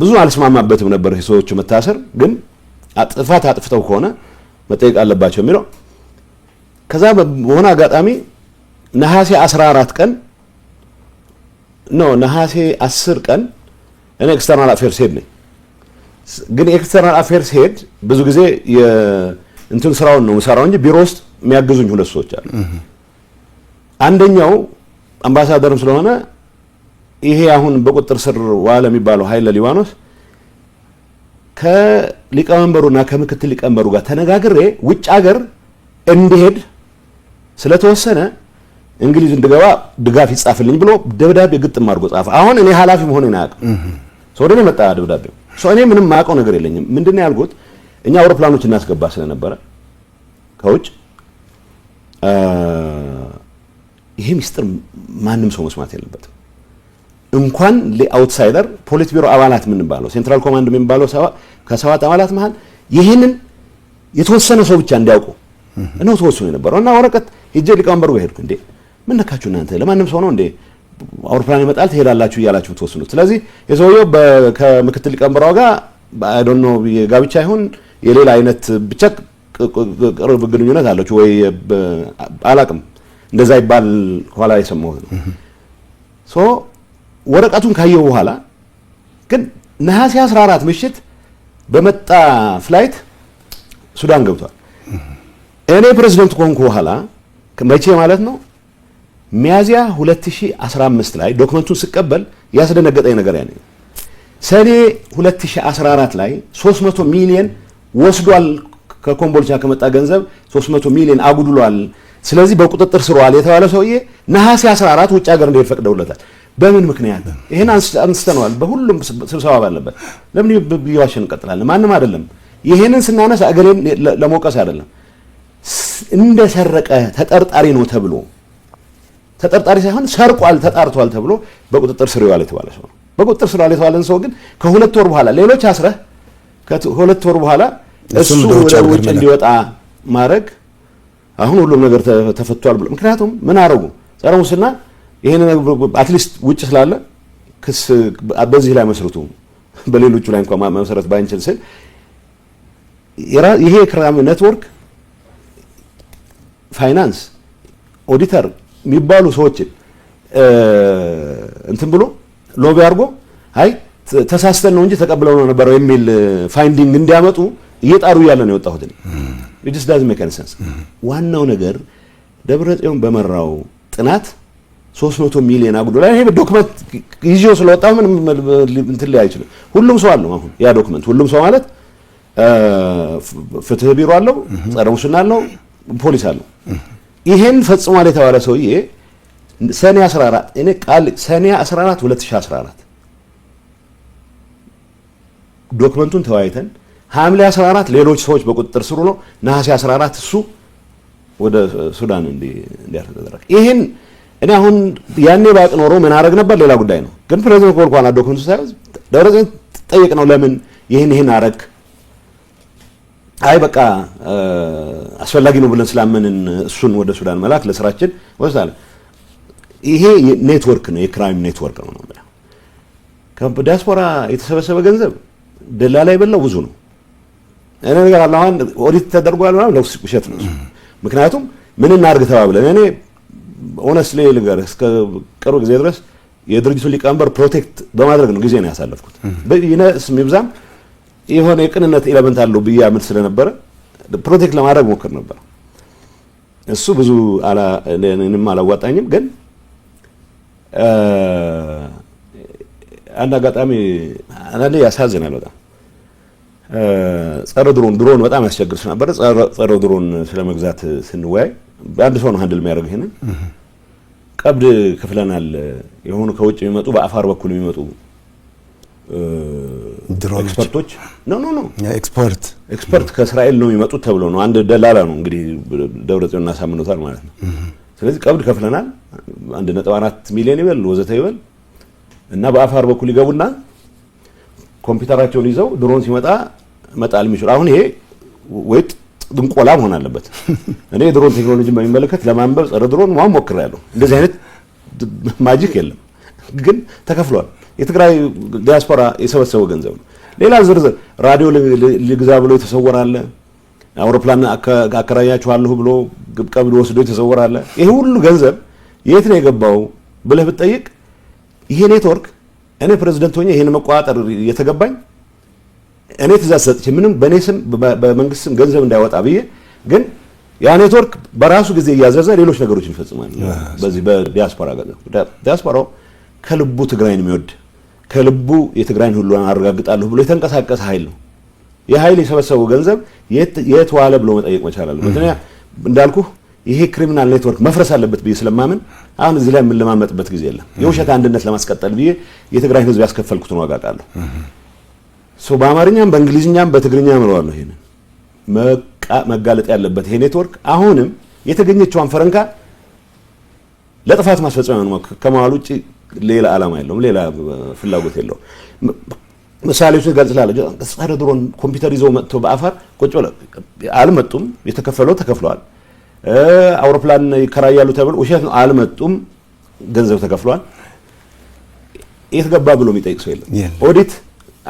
ብዙ አልስማማበትም ነበር ሰዎቹ መታሰር፣ ግን ጥፋት አጥፍተው ከሆነ መጠየቅ አለባቸው የሚለው ከዛ በሆነ አጋጣሚ ነሐሴ 14 ቀን ነው ነሐሴ 10 ቀን እኔ ኤክስተርናል አፌርስ ሄድ ነኝ። ግን ኤክስተርናል አፌርስ ሄድ ብዙ ጊዜ እንትን ስራውን ነው የምሰራው እንጂ ቢሮ ውስጥ የሚያግዙኝ ሁለት ሰዎች አሉ። አንደኛው አምባሳደርም ስለሆነ ይሄ አሁን በቁጥር ስር ዋለ የሚባለው ኃይለ ሊባኖስ ከሊቀመንበሩና ከምክትል ሊቀመንበሩ ጋር ተነጋግሬ ውጭ ሀገር እንዲሄድ ስለተወሰነ እንግሊዝ እንድገባ ድጋፍ ይጻፍልኝ ብሎ ደብዳቤ ግጥም አድርጎ ጻፈ። አሁን እኔ ኃላፊ መሆኔን አያውቅም። ሰው ወደ እኔ መጣ ደብዳቤ። እኔ ምንም የማያውቀው ነገር የለኝም። ምንድን ነው ያልኩት? እኛ አውሮፕላኖች እናስገባ ስለነበረ ከውጭ ይሄ ሚስጥር ማንም ሰው መስማት የለበትም። እንኳን ለአውትሳይደር ፖሊት ቢሮ አባላት የምንባለው ሴንትራል ኮማንድ የሚባለው ከሰባት አባላት መሀል ይህንን የተወሰነ ሰው ብቻ እንዲያውቁ ነው ተወስኖ የነበረው እና ወረቀት ሄጄ ሊቀመንበሩ ጋር ሄድኩ። እንዴ ምን ነካችሁ እናንተ? ለማንም ሰው ነው እንዴ አውሮፕላን ይመጣል ትሄዳላችሁ እያላችሁ ተወስኑት። ስለዚህ የሰውየው ከምክትል ሊቀመንበሯ ጋር ኖ የጋብቻ ይሁን የሌላ አይነት ብቻ ቅርብ ግንኙነት አለች ወይ አላቅም፣ እንደዛ ይባል ኋላ የሰማሁት ነው። ወረቀቱን ካየው በኋላ ግን ነሐሴ 14 ምሽት በመጣ ፍላይት ሱዳን ገብቷል። እኔ ፕሬዝደንት ከሆንኩ በኋላ መቼ ማለት ነው ሚያዚያ 2015 ላይ ዶክመንቱን ስቀበል ያስደነገጠኝ ነገር ያ ሰኔ 2014 ላይ 300 ሚሊዮን ወስዷል። ከኮምቦልቻ ከመጣ ገንዘብ 300 ሚሊዮን አጉድሏል። ስለዚህ በቁጥጥር ስሯል የተባለ ሰውዬ ነሐሴ 14 ውጭ ሀገር እንደሄድ ፈቅደውለታል። በምን ምክንያት ይህን አንስተነዋል። በሁሉም ስብሰባ ባለበት ለምን ብየዋሽ እንቀጥላለን? ማንም አይደለም። ይህንን ስናነሳ እገሌን ለመውቀስ አይደለም። እንደሰረቀ ተጠርጣሪ ነው ተብሎ ተጠርጣሪ ሳይሆን ሰርቋል ተጣርቷል ተብሎ በቁጥጥር ስር ይዋል የተባለ ሰው ነው። በቁጥጥር ስር ይዋል የተባለን ሰው ግን ከሁለት ወር በኋላ ሌሎች አስረህ ከሁለት ወር በኋላ እሱ ወደ ውጭ እንዲወጣ ማድረግ አሁን ሁሉም ነገር ተፈቷል ብሎ ምክንያቱም ምን አረጉ ጸረ ሙስና ይህን አትሊስት ውጭ ስላለ ክስ በዚህ ላይ መስርቱ በሌሎቹ ላይ እንኳን መሰረት ባንችል ስል ይሄ የክራይም ኔትወርክ ፋይናንስ ኦዲተር የሚባሉ ሰዎችን እንትን ብሎ ሎቢ አድርጎ አይ ተሳስተን ነው እንጂ ተቀብለው ነው ነበረው የሚል ፋይንዲንግ እንዲያመጡ እየጣሩ እያለ ነው የወጣሁት። ኢትስ ዳዝ ሜካኒሰንስ ዋናው ነገር ደብረ ጽዮን በመራው ጥናት 300 ሚሊዮን አጉዶ ላይ ይሄ ዶክመንት ይዤው ስለወጣሁ ምን እንትን ላይ አይችልም። ሁሉም ሰው አለው አሁን ያ ዶክመንት። ሁሉም ሰው ማለት ፍትህ ቢሮ አለው፣ ጸረ ሙስና አለው፣ ፖሊስ አለው። ይሄን ፈጽሟል የተባለ ሰውዬ ሰኔ 14 እኔ ቃል ሰኔ 14 2014 ዶክመንቱን ተወያይተን ሐምሌ 14 ሌሎች ሰዎች በቁጥጥር ስሩ ነው። ነሐሴ 14 እሱ ወደ ሱዳን እንዲያርፍ ተደረገ። ይሄን እኔ አሁን ያኔ ባቅ ኖሮ ምን አረግ ነበር ሌላ ጉዳይ ነው። ግን ፕሬዚደንት ኮልኳና ዶክመንቱ ሳይዝ ደብረጽዮን ጠየቅ ነው ለምን ይህን ይህን አረግ አይ በቃ አስፈላጊ ነው ብለን ስላመንን እሱን ወደ ሱዳን መላክ ለስራችን ወስዳለ። ይሄ ኔትወርክ ነው፣ የክራይም ኔትወርክ ነው ነው ከዲያስፖራ የተሰበሰበ ገንዘብ ደላ ላይ የበላው ብዙ ነው። እኔ ነገር አለ አሁን ኦዲት ተደርጓል ማለት ነው፣ ውሸት ነው። ምክንያቱም ምን እናርግ ተባብለን እኔ ላይ ልንገር እስከ ቅርብ ጊዜ ድረስ የድርጅቱ ሊቀመንበር ፕሮቴክት በማድረግ ነው ጊዜ ነው ያሳለፍኩት። ይነስ የሚብዛም የሆነ የቅንነት ኤለመንት አለው ብዬ አምል ስለነበረ ፕሮቴክት ለማድረግ ሞክር ነበር። እሱ ብዙ እኔንም አላዋጣኝም። ግን አንድ አጋጣሚ አንዳንዴ ያሳዝናል በጣም ጸረ ድሮን ድሮን በጣም ያስቸግር ስለነበረ ጸረ ድሮን ስለመግዛት ስንወያይ አንድ ሰው ነው ሀንድል የሚያደርግ ይሄንን ቀብድ ክፍለናል የሆኑ ከውጭ የሚመጡ በአፋር በኩል የሚመጡ ኤክስፐርቶች ኖ ኖ ኖ ኤክስፐርት ኤክስፐርት ከእስራኤል ነው የሚመጡት ተብሎ ነው። አንድ ደላላ ነው እንግዲህ ደብረ ጽዮን እናሳምኖታል ማለት ነው። ስለዚህ ቀብድ ከፍለናል። አንድ ነጥብ አራት ሚሊዮን ይበል ወዘተ ይበል እና በአፋር በኩል ይገቡና ኮምፒውተራቸውን ይዘው ድሮን ሲመጣ መጣል የሚችሉ አሁን ይሄ ወይጥ ድንቆላ መሆን አለበት። እኔ የድሮን ቴክኖሎጂን በሚመለከት ለማንበብ ጸረ ድሮን ዋን ሞክሬያለሁ። እንደዚህ አይነት ማጂክ የለም፣ ግን ተከፍሏል። የትግራይ ዲያስፖራ የሰበሰበው ገንዘብ ነው። ሌላ ዝርዝር ራዲዮ ሊግዛ ብሎ የተሰወራለ፣ አውሮፕላን አከራያችኋለሁ ብሎ ቀብድ ወስዶ የተሰወራለ። ይሄ ሁሉ ገንዘብ የት ነው የገባው ብለህ ብትጠይቅ ይሄ ኔትወርክ እኔ ፕሬዚደንት ሆኜ ይህን መቆጣጠር የተገባኝ እኔ ትእዛዝ ሰጥቼ ምንም በእኔ ስም በመንግስት ስም ገንዘብ እንዳይወጣ ብዬ ግን ያ ኔትወርክ በራሱ ጊዜ እያዘዘ ሌሎች ነገሮችን ይፈጽማል። በዚህ በዲያስፖራ ዲያስፖራው ከልቡ ትግራይን የሚወድ ከልቡ የትግራይን ሁሉ አረጋግጣለሁ ብሎ የተንቀሳቀሰ ኃይል ነው። የኃይል የሰበሰበው ገንዘብ የት ዋለ ብሎ መጠየቅ መቻል አለበት። እንዳልኩ ይሄ ክሪሚናል ኔትወርክ መፍረስ አለበት ብዬ ስለማምን አሁን እዚህ ላይ የምንለማመጥበት ጊዜ የለም። የውሸት አንድነት ለማስቀጠል ብዬ የትግራይን ህዝብ ያስከፈልኩትን ዋጋ በአማርኛም በእንግሊዝኛም በትግርኛ ምለዋለሁ። ይሄንን መጋለጥ ያለበት ይሄ ኔትወርክ አሁንም የተገኘችዋን ፈረንካ ለጥፋት ማስፈጸሚያ ነው ከመዋል ውጭ ሌላ ዓላማ የለውም፣ ሌላ ፍላጎት የለውም። ምሳሌዎች ጋር ስላለሁ ፀረ ድሮን ኮምፒውተር ይዘው መጥተው በአፋር ቁጭ ብለው አልመጡም። የተከፈለው ተከፍለዋል። አውሮፕላን ይከራያሉ ተብሎ ውሸት ነው፣ አልመጡም። ገንዘብ ተከፍለዋል። የት ገባ ብሎ የሚጠይቅ ሰው የለም። ኦዲት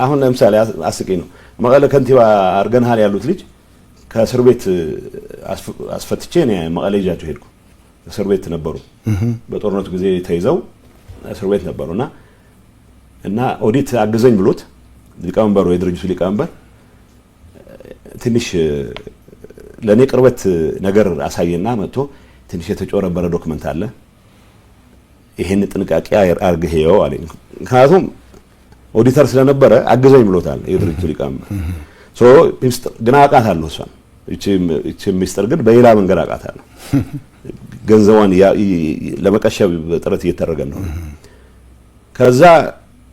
አሁን ለምሳሌ አስቂኝ ነው። መቀለ ከንቲባ አድርገንሃል ያሉት ልጅ ከእስር ቤት አስፈትቼ እኔ መቀለ ይዣቸው ሄድኩ። እስር ቤት ነበሩ፣ በጦርነቱ ጊዜ ተይዘው እስር ቤት ነበሩ እና እና ኦዲት አግዘኝ ብሎት ሊቀመንበሩ የድርጅቱ ሊቀመንበር ትንሽ ለእኔ ቅርበት ነገር አሳየና መጥቶ ትንሽ የተጮረበረ ዶክመንት አለ፣ ይህን ጥንቃቄ አርግሄው አለኝ ምክንያቱም ኦዲተር ስለነበረ አግዘኝ ብሎታል የድርጅቱ ሊቀመንበር። ግን አውቃታለሁ እሷን ይቺ ሚስጥር ግን በሌላ መንገድ አውቃታለሁ። ገንዘቧን ለመቀሸብ ጥረት እየተደረገ እንደሆነ ከዛ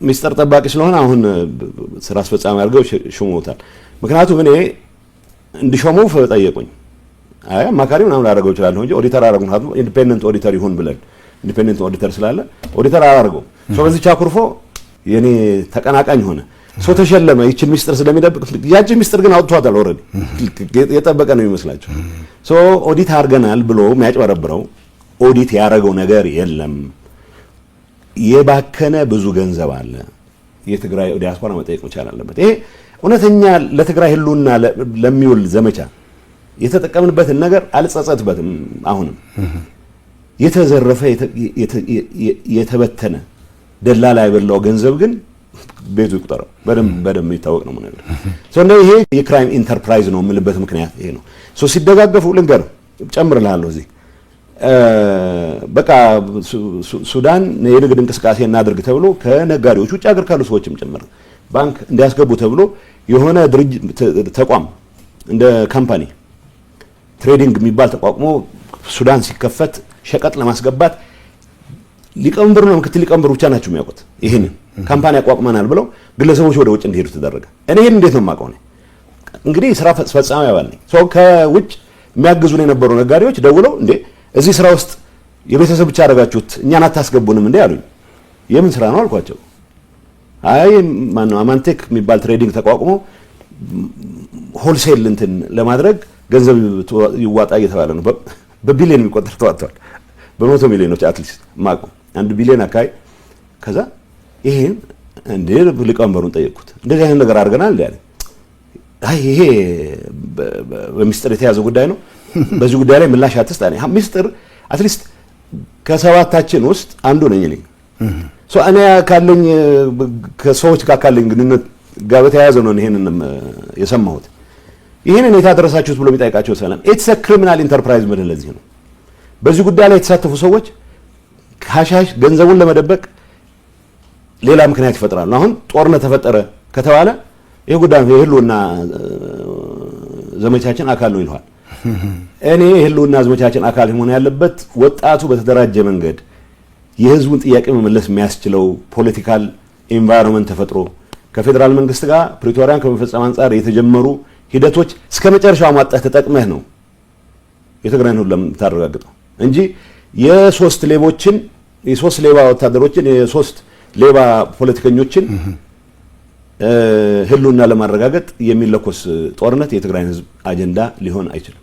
ሚስጥር ጠባቂ ስለሆነ አሁን ስራ አስፈጻሚ አድርገው ሹመውታል። ምክንያቱም እኔ እንዲሾመው ጠየቁኝ። አይ አማካሪ ምናምን ላደረገው እችላለሁ እንጂ ኦዲተር አደረጉ። ኢንዲፔንደንት ኦዲተር ይሁን ብለን ኢንዲፔንደንት ኦዲተር ስላለ ኦዲተር አላደርገው። በዚህ ቻኩርፎ የኔ ተቀናቃኝ ሆነ ሰው ተሸለመ። ይችን ሚስጥር ስለሚደብቅ ያችን ሚስጥር ግን አውጥቷታል። ኦልሬዲ የጠበቀ ነው የሚመስላቸው። ሶ ኦዲት አድርገናል ብሎ የሚያጭበረብረው ኦዲት ያደረገው ነገር የለም። የባከነ ብዙ ገንዘብ አለ። የትግራይ ዲያስፖራ መጠየቅ መቻል አለበት። ይሄ እውነተኛ ለትግራይ ህልውና ለሚውል ዘመቻ የተጠቀምንበትን ነገር አልጸጸትበትም። አሁንም የተዘረፈ የተበተነ ደላላ የበላው ገንዘብ ግን ቤቱ ይቁጠረው። በደንብ በደንብ የሚታወቅ ነው የምነግርህ። እንደ ይሄ የክራይም ኢንተርፕራይዝ ነው የምልበት ምክንያት ይሄ ነው። ሶ ሲደጋገፉ ልንገር ጨምርልሃለሁ እዚህ በቃ ሱዳን የንግድ እንቅስቃሴ እናድርግ ተብሎ ከነጋዴዎች ውጭ ሀገር ካሉ ሰዎችም ጭምር ባንክ እንዲያስገቡ ተብሎ የሆነ ድርጅት ተቋም እንደ ካምፓኒ ትሬዲንግ የሚባል ተቋቁሞ ሱዳን ሲከፈት ሸቀጥ ለማስገባት ሊቀመንበሩና ምክትል ሊቀመንበሩ ብቻ ናቸው የሚያውቁት። ይህንን ካምፓኒ አቋቁመናል ብለው ግለሰቦች ወደ ውጭ እንዲሄዱ ተደረገ። እኔ ይህን እንዴት ነው የማውቀው? እንግዲህ ስራ ፈጻሚ አባል ነኝ። ከውጭ የሚያግዙን የነበሩ ነጋዴዎች ደውለው እንዴ እዚህ ስራ ውስጥ የቤተሰብ ብቻ አደረጋችሁት እኛን አታስገቡንም እንዴ አሉኝ። የምን ስራ ነው አልኳቸው። አይ ማነው አማንቴክ የሚባል ትሬዲንግ ተቋቁሞ ሆልሴል እንትን ለማድረግ ገንዘብ ይዋጣ እየተባለ ነው። በቢሊዮን የሚቆጠር ተዋጥቷል። በመቶ ሚሊዮኖች አትሊስት ማቁ አንድ ቢሊዮን አካባቢ። ከዛ ይሄን እንደ ሊቀመንበሩን ጠየቅኩት። እንደዚህ አይነት ነገር አድርገናል ያለ አይ ይሄ በሚስጥር የተያዘ ጉዳይ ነው። በዚህ ጉዳይ ላይ ምላሽ አትስጥ አለኝ። ሚስጥር አትሊስት ከሰባታችን ውስጥ አንዱ ነኝ እኔ ሶ እኔ ካለኝ ከሰዎች ጋር ካለኝ ግንኙነት ጋር በተያያዘ ነው ይሄንን የሰማሁት። ይሄንን የታደረሳችሁት ብሎ የሚጠይቃቸው ሰላም ኢትስ ክሪሚናል ኢንተርፕራይዝ ምን ለዚህ ነው። በዚህ ጉዳይ ላይ የተሳተፉ ሰዎች ካሻሽ ገንዘቡን ለመደበቅ ሌላ ምክንያት ይፈጥራሉ። አሁን ጦርነት ተፈጠረ ከተባለ ይህ ጉዳይ የህልውና ዘመቻችን አካል ነው ይለዋል። እኔ የህልውና ዘመቻችን አካል መሆን ያለበት ወጣቱ በተደራጀ መንገድ የህዝቡን ጥያቄ መመለስ የሚያስችለው ፖለቲካል ኤንቫይሮንመንት ተፈጥሮ ከፌዴራል መንግስት ጋር ፕሪቶሪያን ከመፈጸም አንጻር የተጀመሩ ሂደቶች እስከ መጨረሻው ማጣት ተጠቅመህ ነው የትግራይን ሁሉ ለምታረጋግጠው እንጂ የሶስት ሌቦችን የሶስት ሌባ ወታደሮችን የሶስት ሌባ ፖለቲከኞችን ህልውና ለማረጋገጥ የሚለኮስ ጦርነት የትግራይን ህዝብ አጀንዳ ሊሆን አይችልም።